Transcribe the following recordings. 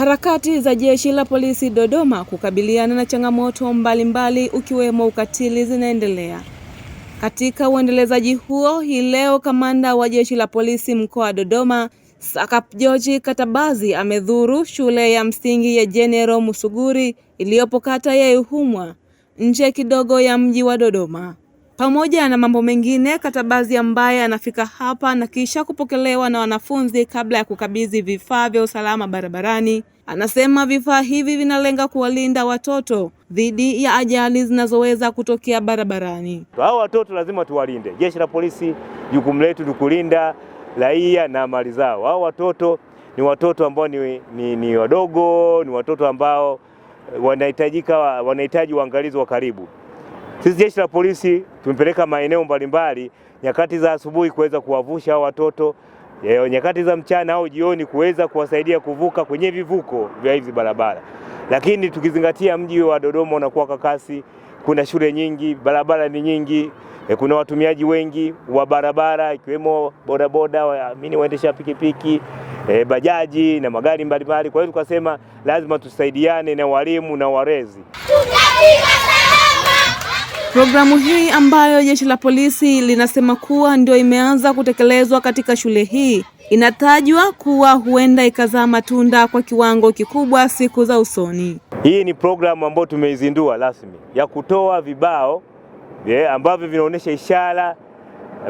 Harakati za Jeshi la Polisi Dodoma kukabiliana na changamoto mbalimbali mbali ukiwemo ukatili zinaendelea. Katika uendelezaji huo, hii leo Kamanda wa Jeshi la Polisi Mkoa wa Dodoma, Sakap George Katabazi amedhuru shule ya msingi ya General Musuguri iliyopo kata ya Ihumwa nje kidogo ya mji wa Dodoma pamoja na mambo mengine, katabazi ambaye anafika hapa na kisha kupokelewa na wanafunzi kabla ya kukabidhi vifaa vya usalama barabarani, anasema vifaa hivi vinalenga kuwalinda watoto dhidi ya ajali zinazoweza kutokea barabarani. Hao watoto lazima tuwalinde. Jeshi la polisi, jukumu letu ni kulinda raia na mali zao. Hao watoto ni watoto ambao ni, ni, ni wadogo, ni watoto ambao eh, wanahitajika wanahitaji uangalizi wa karibu. Sisi jeshi la polisi tumepeleka maeneo mbalimbali nyakati za asubuhi kuweza kuwavusha hao watoto, eh, nyakati za mchana au jioni kuweza kuwasaidia kuvuka kwenye vivuko vya hizi barabara. Lakini tukizingatia mji wa Dodoma unakuwa kwa kasi, kuna shule nyingi, barabara ni nyingi, eh, kuna watumiaji wengi wa barabara ikiwemo bodaboda, waamini waendesha pikipiki E, bajaji na magari mbalimbali. Kwa hiyo tukasema lazima tusaidiane na walimu na walezi. Programu hii ambayo jeshi la polisi linasema kuwa ndio imeanza kutekelezwa katika shule hii inatajwa kuwa huenda ikazaa matunda kwa kiwango kikubwa siku za usoni. Hii ni programu ambayo tumeizindua rasmi ya kutoa vibao ye, eh, ambavyo vinaonyesha ishara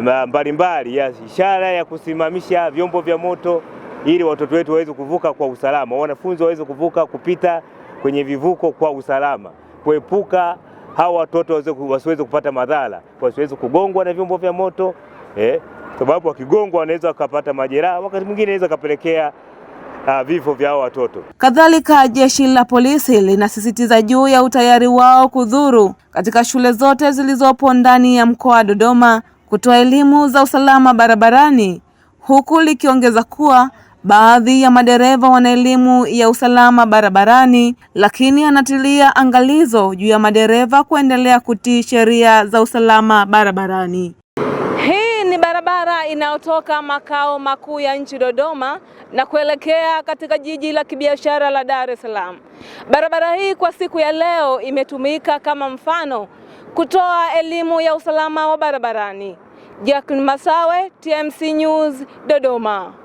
eh, mbalimbali ya yes, ishara ya kusimamisha vyombo vya moto ili watoto wetu waweze kuvuka kwa usalama, wanafunzi waweze kuvuka kupita kwenye vivuko kwa usalama, kuepuka hawa watoto wasiweze kupata madhara, wasiweze kugongwa na vyombo vya moto eh, sababu wakigongwa wanaweza wakapata majeraha, wakati mwingine inaweza kapelekea Uh, ah, vifo vya watoto. Kadhalika, jeshi la polisi linasisitiza juu ya utayari wao kudhuru katika shule zote zilizopo ndani ya mkoa wa Dodoma kutoa elimu za usalama barabarani huku likiongeza kuwa Baadhi ya madereva wana elimu ya usalama barabarani, lakini anatilia angalizo juu ya madereva kuendelea kutii sheria za usalama barabarani. Hii ni barabara inayotoka makao makuu ya nchi Dodoma na kuelekea katika jiji la kibiashara la Dar es Salaam. Barabara hii kwa siku ya leo imetumika kama mfano kutoa elimu ya usalama wa barabarani. Jacqueline Masawe, TMC News, Dodoma.